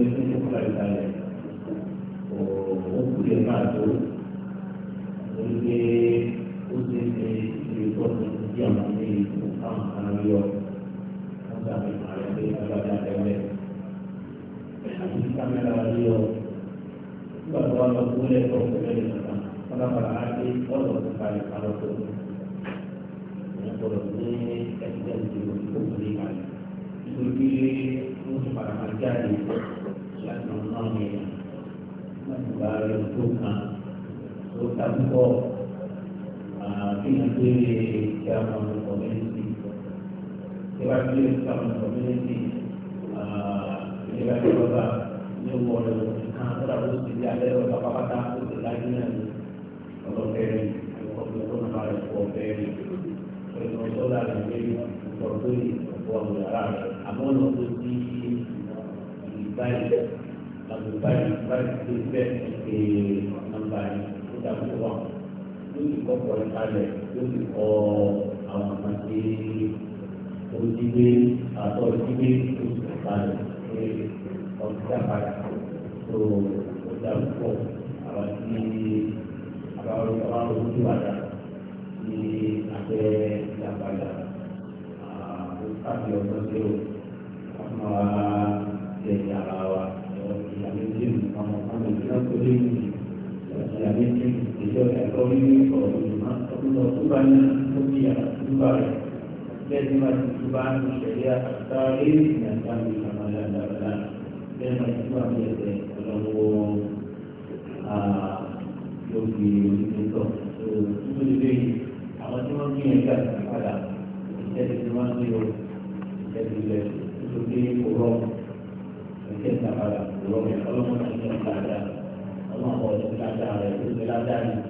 ní kókó àìsàlẹ̀ òkú lè máa tó lórí pé ó ti ṣe ìṣe ìtọ́jú sí àwọn ìlú káwọn kan yọ wọn sàbí ààrẹ pé agbada tẹ́lẹ̀ àti kámẹ́rà yọ nígbà tó wà lọ kó lẹ́kọ̀ọ́ pẹ̀lú ìjọba pálápàlà á ọ̀dọ̀ tó kalẹ̀ kálọ̀ tó ní ìyẹn ní ẹgbẹ́ ìdìbò tó kù ní ìkàlẹ̀ ìgbà rẹ̀ tó kàn tó ta púpọ̀ kí n tó lè ṣe àwọn kọ̀mẹ́ntì tí wàá tó lè ṣe àwọn kọ̀mẹ́ntì tí wàá tó lọ́ba ní owó ọ̀rẹ́ òkè kan tó dàbí oṣù tí alẹ́ ọ̀gá pápátá tó ti lájú náà ní ọlọ́fẹ́rẹ́ ọ̀gbọ́n tó nàá rẹ̀ pọ̀ fẹ́rẹ́ ọ̀gbọ́n tó là rẹ̀ lórí ọ̀gbọ́n tó lè ọ̀gbọ́n àwọn yàrá rẹ̀ àmọ́ ọ̀nà tó ti ìgbà yìí tàbí báyìí báyìí tó bẹ́ẹ̀ ṣe nàmbà yìí ó dàbí wà ló ti kọ́ pọ̀ ìkàlẹ̀ ló ti kọ́ àwọn kan tí ó ti gbé àtọ́ ti gbé ó ti kọ́ kalẹ̀ pé ọ̀gá padà tó ó dàbí pọ̀ àwọn tí àwọn àwọn ojú àdá ní abẹ́ ìdàgbàdà àwọn káàkiri ọ̀gbọ́n tí ó wà máa tẹ̀lé ara wa. sọ nínú ọ̀rọ̀ ìmọ̀ ọdúnlọ tó bá ní lókè àtúbà rẹ̀ bẹ́ẹ̀ ni wọ́n ti tó bá ń ṣẹlẹ̀ àtàrí ìyàtà mi kàmá dáadáa bẹ́ẹ̀ ni wọ́n ti tó bá ń bẹ̀rẹ̀ ọlọ́wọ́ lókè onítọ̀ tó tó lè lé àwọn tí wọ́n gbìyànjú àti padà ìṣẹ́jú tí wọ́n ń lò ìṣẹ́jú rẹ̀ tó dé kúrọ́ ìṣẹ́jú àpàdà kúrọ́ ọlọ́mọ náà ń ṣe dáadáa ọlọ́mọ ọ̀dọ́ dáadáa rẹ̀ tó ṣe dáadáa yìí.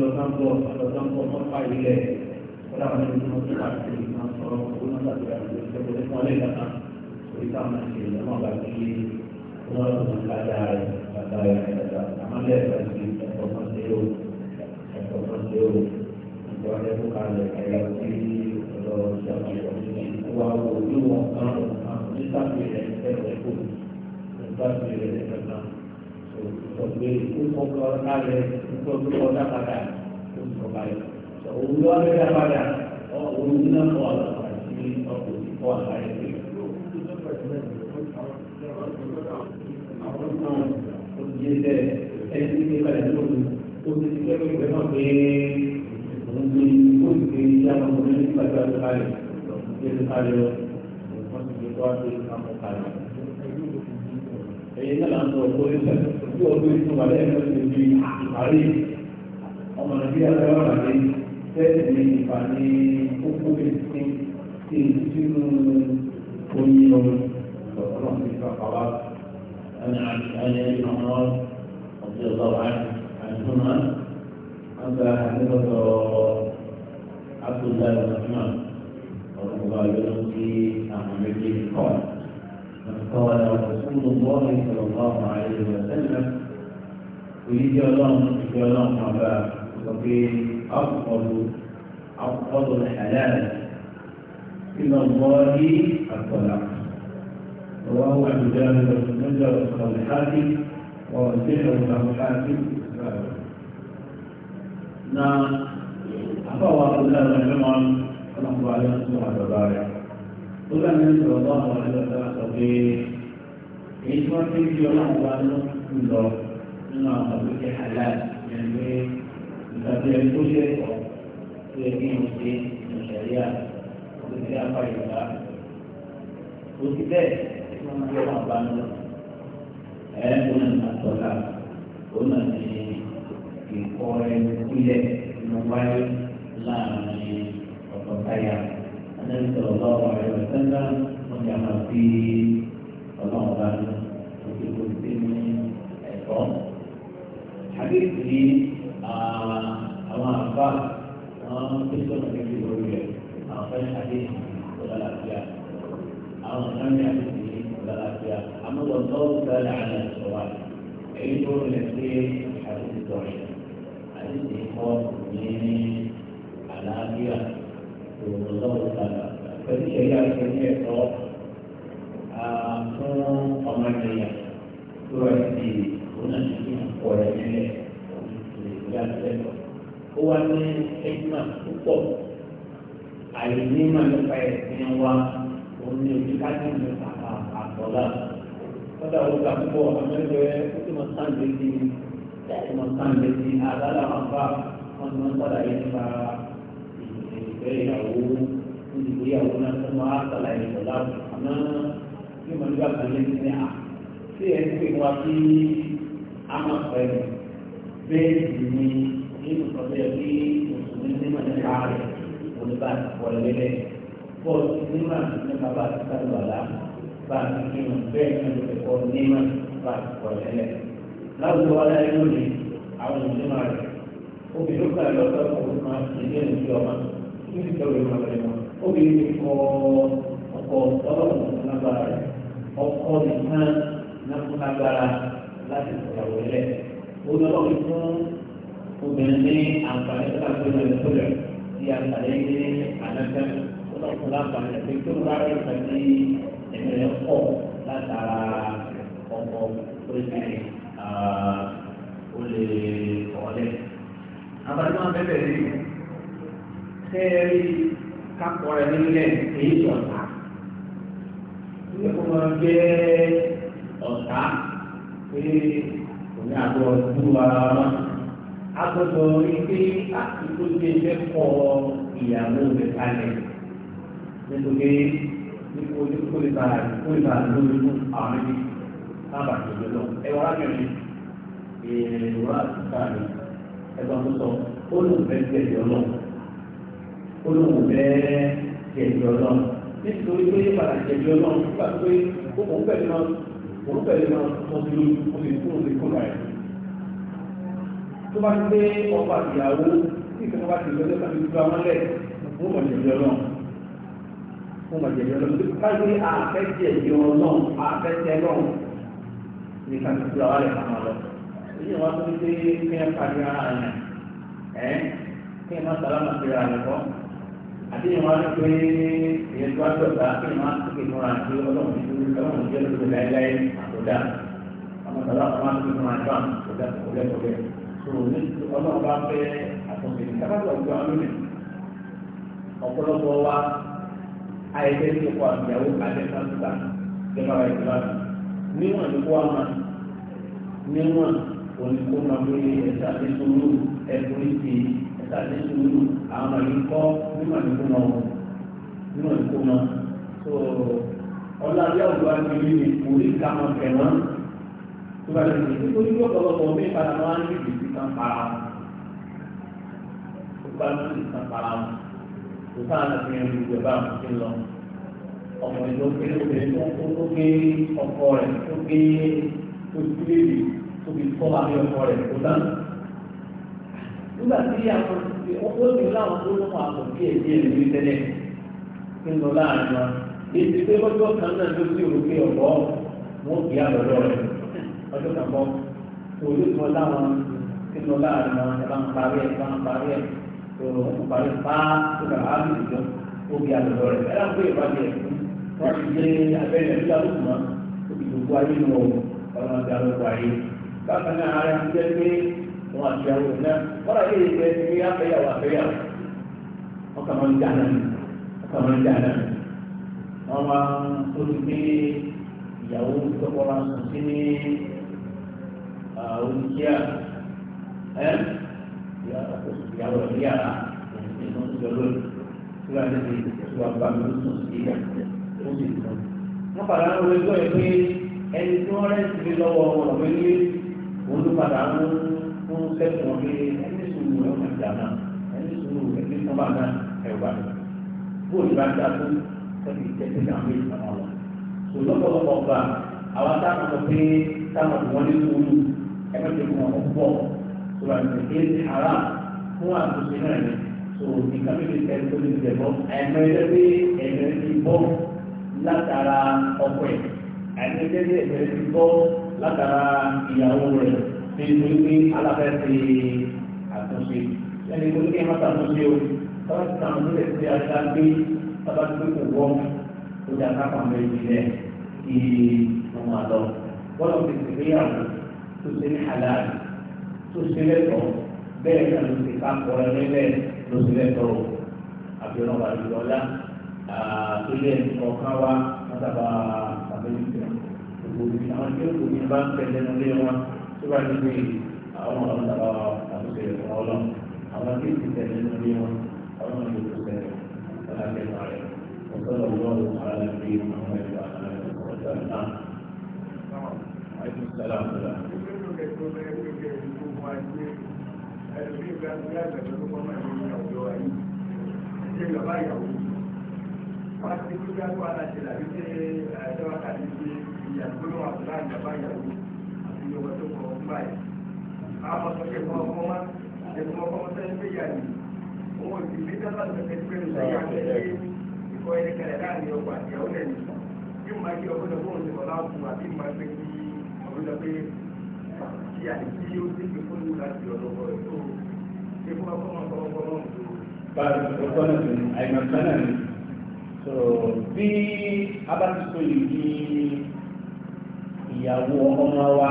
lọ sáńpọ̀ lọ ilẹ̀ kọ́lá wọn ní wọn tó láti ṣe máa sọ ọkùnrin náà láti àti ìṣẹ́gun ní wọn lè dáná orí táwọn máa ṣe tó ń sọ báyìí sọ òun ló wá fẹ́ dá padà òun ní náà kọ́ àti ọkọ̀ tí kọ́ àlàyé pé. Olùdíyẹsẹ̀ ẹni tí kò kalẹ̀ lóru ó ti ti kẹ́kọ̀ọ́ ìgbẹ́ náà pé òun ní olùgbé ìyá ọmọ mi ní pàtó àti kalẹ̀ ìgbésẹ̀ kalẹ̀ lọ wọ́n ti gbé wá sí àpò kalẹ̀. Ẹ̀yin náà ń sọ pé ojú ọdún ìtumọ̀ lẹ́yìn ló ti di àkàrí. ọ̀nà bí aláwọ̀ àlẹ́ tẹ́lẹ̀ ní ìfàní kókó bẹ̀rẹ̀ sí sínú omi ọ̀rọ̀ ọ̀rọ̀ ní kàkàwá ẹni àti ẹni ọ̀rọ̀ ọ̀dẹ́ ọ̀lọ́wà àìsùnmá àgbà àdébọ̀tọ̀ àtúndà ìrọ̀lọ́mà ọ̀rọ̀ ọ̀gá ìyọ́nù sí àwọn méjèèjì kọ́ قال رسول الله صلى الله عليه وسلم ويجي الله يجي الله مع بعض الفقير أفضل أفضل الحلال إلى الله الطلاق رواه أبو جابر بن مجر الحاكم ووسعه له الحاكم نعم أفوى عبد الله بن عمر رحمه عليه الصلاة والسلام قل أن صلى الله عليه وسلم èyí tí wọ́n ti ń الله عليه وسلم ló ń الله nínú àwọn ọ̀gbìn halal yẹn pé àti ẹni tó ṣe ẹ̀kọ́ tó yẹ kí n ṣe ìṣẹ̀lẹ̀ àti ti apá ìgbà tó ti bẹ́ẹ̀ tí wọ́n máa ń gbé wọn bá ń lọ ẹ̀ ẹ́ wọn náà tọ́lá wọn náà ní ìkọ́ ẹni sílẹ̀ ní wáyé láàrin ọ̀pọ̀ táyà anábì sọ̀rọ̀ bá wà ẹ̀rọ sẹ́ńdá wọn yà máa fi ọlọ́run bá lọ òkè kò sí ní ẹ̀kọ́ àbí ìsìn àwọn àgbà àwọn pẹ̀lú ọ̀nà kẹ́kẹ́ lórí rẹ̀ àwọn fẹ́ adé ọ̀làlàfíà àwọn ìlànà àti ọ̀làlàfíà àmúlò tọ́wọ́ sáré àlà ìṣọ̀wà èyí tó rẹ̀ sí àdéhùn ìtọ́rẹ̀ àdéhùn ìkọ́ ní àlàáfíà òun lọ́wọ́ sáré pẹ̀lú ìṣẹ̀lẹ̀ àti ẹ̀yẹ ẹ̀kọ́ fún ọmọ ènìyàn tó rẹ̀ sí òun náà ti fi hàn pọ̀ rẹ̀ nílẹ̀ ìyá ìṣẹ́lẹ̀ ó wá ní ẹgbẹ́ púpọ̀ àìní máa nípa ẹ̀sìn wa òun ní ojú káàkiri ní kàkà àtọ̀lá kọ́dà ó ga púpọ̀ amẹ́jọ ẹ ó sì máa sàn létí ó máa sàn létí àdáàlà máa bá wọn ti máa sọ̀rọ̀ yìí nípa ìfẹ́ ìyàwó níbi ìyàwó náà tó máa sọ̀rọ̀ yìí tọ̀lá àmọ́ bí mo ní bá kan létí ní à sí ẹ̀ ń pè wá sí àmọ̀ pẹ̀lú bẹ́ẹ̀ sì ni nínú ọ̀sẹ̀ bí mùsùlùmí nímọ̀ nípa rẹ̀ olùbá wọlélẹ̀ bọ́ọ̀lù nímọ̀ nípa bá a ti sáré wàlá bá a ti kírun bẹ́ẹ̀ náà ló ti kọ́ nímọ̀ bá a ti wọlélẹ̀. láwùjọ wa láyé lónìí àwọn onímọ̀ rẹ̀ obìnrin kan lọ́sọ̀ ọ̀hún kan ìdí ẹ̀rù sí ọmọ kí ni ìtọ́jú ìmọ̀ rẹ̀ mọ́ obìnrin ti kọ́ ọkọ̀ ọlọ́run ọkọ̀ nìkan náà lágbára láti sọ̀rọ̀ olùdókòwò fún obìnrin ní àǹfààní tó bá gbé lọ sólẹ̀ tí a sàlẹ̀ ní àdájọ́ olùdókòwò láǹfààní pé tó bá rẹ̀ pẹ̀lú ẹ̀mẹ̀rẹ̀ pọ̀ látara ọkọ̀ pèsè olè ọ̀lẹ́. àbájá máa bẹ́ẹ̀ bẹ́ẹ̀ rí sẹ́ẹ̀rí kápọ̀ rẹ̀ nílẹ̀ èyí sọ̀tà nígbà tó máa jẹ́ ọ̀tá pé ní àgọ́ ọdún ara wa agbọ́dọ̀ rí pé àtúntò tí ẹ fẹ́ kọ ìyàwó rẹ̀ kalẹ̀ nítorí nípa oníkólébà kólébà lórí fún àwọn ẹbí sábà tòló lọ ẹ wọ́n á bẹ̀rẹ̀ ìrora àtúntà rẹ̀ ẹgbẹ́ tó sọ ó lóun fẹ́ tẹ̀lé ọlọ́run ó tẹ̀lé ọlọ́run nítorí pé padà tẹ̀lé ọlọ́run ó kò ń pẹ̀lú ọlọ́run òun tẹ̀lé máa tó sí oṣù tó oṣù kó láyé tó bá ti dé ọba ìyàwó tí ìfẹ́ bá ti lọ́jọ́ tàbí gbogbo àwọn lẹ̀ fún ọ̀jẹ̀bí ọlọ́run fún ọ̀jẹ̀bí ọlọ́run tó ká gbé àfẹ́jẹ̀bí ọlọ́run àfẹ́jẹ̀ ọlọ́run ní ká ti gbogbo àwọn lẹ̀ fún ọlọ́ èyí wọn tó ń dé kí ẹ pàdé ara rẹ̀ ẹ kí ẹ má sàlámà sí ara rẹ̀ kọ́ àti ìwọ̀n á pé ìyẹn tó á dọ̀gba kí ìwọ̀n á tókè fún wa àti ọlọ́run tó ń bá wọn jẹ́ lóṣù láéláé àkódà ọmọ tàbá kan á tókè fún wa àjọ àkódà kọ̀ọ̀lẹ́kọ̀ọ̀lẹ́ tó ní ọlọ́run bá fẹ́ àtúnṣe ní kábàtà ọjọ́ alónìí ọ̀pọ̀lọpọ̀ wa àìsẹ́ tó kọ àbíyàwó àdẹ́sánúta jẹba wa ìtura níwọ̀n ní tàbí sùúrù àwọn àyíkọ́ nínú àyíkọ́ náà nínú àyíkọ́ náà tó ọlọ́dẹ ọ̀dọ́ àgbègbè ní orí kàmọ́ kẹwọ́n tó bá lè ṣe kó ní lọ́pọ̀lọpọ̀ mí padà máa ń rí ìdíkan para wọn tó bá ń rí ìdíkan para wọn kò sáà lọ fi ẹrù ìjọba àmọ́tí lọ ọkùnrin tó kéré obìnrin tó kó tó gé ọkọ rẹ̀ tó gé tó sílẹ̀ tó fi kọ́ àbí ọkọ rẹ̀ kó dáná nígbà tí àwọn ó ti láwọn tó lọ́mọ àpò kí èyí ẹ̀ lórí tẹ́lẹ̀ ń lọ láàrin wa èyí pé lọ́jọ́ kan náà ló sì rògbé ọ̀bọ wọn kì í àlọ́lọ́ rẹ̀ ọjọ́ kan bọ́ òye kan láwọn ń lọ láàrin wa ẹ̀ bá ń parí ẹ̀ bá ń parí ẹ̀ ọ̀rọ̀ ń parí pa tó kà á lè jọ ó kì í àlọ́lọ́ rẹ̀ ẹ̀ láǹkó ìbàjẹ́ wọ́n ti gbé abẹ́rẹ́ nígbà tó mọ́ òbí gbogbo wọn àti àwọn náà wọn àti èyí pé ní afẹ́yàwó afẹ́yàwó wọn kà máa ń dáná mi wọn kà máa ń dáná mi wọn máa ń tó ti gbé ìyàwó tọkọ máa sùn sí ní oníkíà ẹ ìyàwó rẹ ní yàrá ìyàwó tó jọ lónìí tí wọn àti èyí tó wà bá mi ló sùn sí ìyá ó sì sùn. wọn padà ń wọlé gbọ́ ẹ pé ẹni tí wọ́n rẹ́ǹtì lé lọ́wọ́ ọmọ rẹ̀ lé òun ló padà ń wọ́n fún sẹ́sìn wọn pé ẹni sùúrù ẹ̀wọ̀n ìjà náà ẹni sùúrù ẹni sábà náà ẹ̀wà náà bóòlù bá dá fún ẹni tẹ́tí náà méjì náà wọn. sọ lọ́pọ̀lọpọ̀ gbà àwọn táwọn sọ pé táwọn kò wọ́n ní sùúrù ẹgbẹ́jọ fún wọn pọ̀ sọ wà ní ara fún àtúnṣe náà ni sọ nǹkan mi lè tẹ́ tó lè jẹ bọ́ ẹ̀mẹ́rẹ́dẹ́ ẹ̀mẹ́rẹ́ ti bọ́ látara ọkọ̀ ẹ̀ ẹ̀mẹ́rẹ́dẹ́ ẹ̀mẹ́rẹ́ ti bọ́ látara ìyàwó rẹ̀ nítorí pé aláfẹ́ ti àtúnṣe ẹni tó ní kí ẹ má ṣàtúnṣe o tọ́lá ti sàn lórí ẹ̀sìn ajá gbé tọ́lá ti pé kò wọ́ kó dà ká pàmò ìjìnlẹ̀ kí wọ́n máa lọ. bọ́lá ti ti rí àwọn tó ṣe ní halal tó ṣe lẹ́tọ̀ọ́ bẹ́ẹ̀ náà ló ti ká kọ́ ẹni bẹ́ẹ̀ ló ṣe lẹ́tọ̀ọ́ àbíọ́nà wà lórí ọ̀la tó yẹ ọ̀kan wa wọ́n sábà àbẹ̀yẹ̀ gbogbo ìgbà wọn tí ó bá ń tẹ̀lé ẹnu lé wọn bá ti gbé àwọn ọmọ ọ̀dà àtúnṣe ìfọ̀n ọlọ́run àwọn tí ti tẹ̀lé lórí wọn àwọn ọmọ yòókù tẹ̀lé aláṣẹ máa rẹ̀ ọ̀sán lọ́wọ́ ààrẹ bí àwọn ẹ̀fọ́ ààrẹ ọ̀sán náà. Wọ́n ti kú dákú aláṣẹ làbí pé ẹ̀ẹ́dẹ́wà tàbí pé ìyàgbọ́n wà láàyè báyàwó ọmọ tó kọ̀ ọdún báyìí àwọn ọmọ tó kẹ́kọ̀ọ́ ọkọ̀ wọn ẹ̀kọ́ ọkọ̀ wọn sẹ́yìn pé yà ní òun ò sì ní dábàá tó fẹ́ pé nígbà yà ní ìkọ́ ẹni kẹlẹ̀ láàrin ọkọ̀ àti ìyàwó lẹ́nu bí mo máa kí ọkọ̀ lọ́kọ̀ òun ti kọ̀ láwùjọ àbí mo máa pé kí ọkọ̀ lọ pé kí àti kí ó ti so bí abátisọ yìí ní ìyàwó ọmọ wa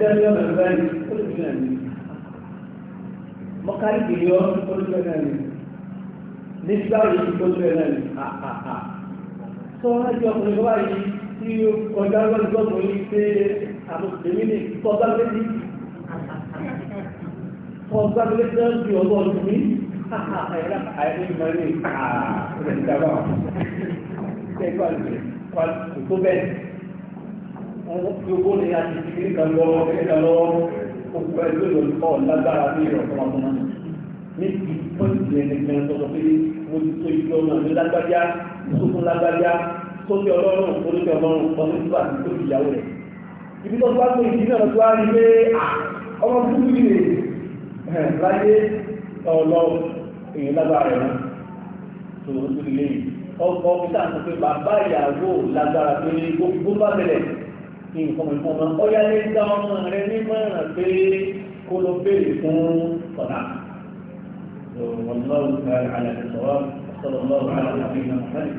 dání ọ̀nà ìbáyìí ó lè fi hàn mí mọ́kárì kìí ọ́ ó lè fi hàn mí nígbà yìí ti gbọ́dọ̀ ẹ̀ náà ní àhàhà tó wọ́n jẹ́ ọkùnrin tó báyìí tí ó kọjá lọ́dún lọ́dún yìí pé àmọ̀tẹ̀mí ní kọjá lẹ́dí kọjá lẹ́dí bí ọgbọ́ ọdún ní àìní ìmọ̀lẹ́ ààrẹ ìjàmbá ẹgbẹ́ àti ìkó bẹ́ẹ̀ yóò ní àti kiri kan lọ́wọ́ kiri kan lọ́wọ́ òkú ẹgbẹ́ ìlú ọ̀ lágbára ní ìrọ̀kọ́lá fún wọn. ní ti pọ́ǹtì ẹni kan sọ̀rọ̀ pé mo ti tó ìlú ọmọ mi lágbájá sókun lágbájá sókè ọlọ́run olókè ọlọ́run ọdún tó bá ti tó ìyàwó rẹ̀. ibi tó bá tó ìdí náà tó á rí pé ọmọ búburú yìí láyé ọlọ́ èèyàn lágbára rẹ̀ náà tó lè ọkọ̀ ọ̀gbìn nǹkan ìfọmọ ọyá lè dá ọmọ rẹ nímọ̀ràn pé kó ló béèrè fún والله تعالى على الصواب صلى الله على نبينا محمد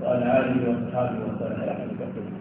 وعلى اله وصحبه وسلم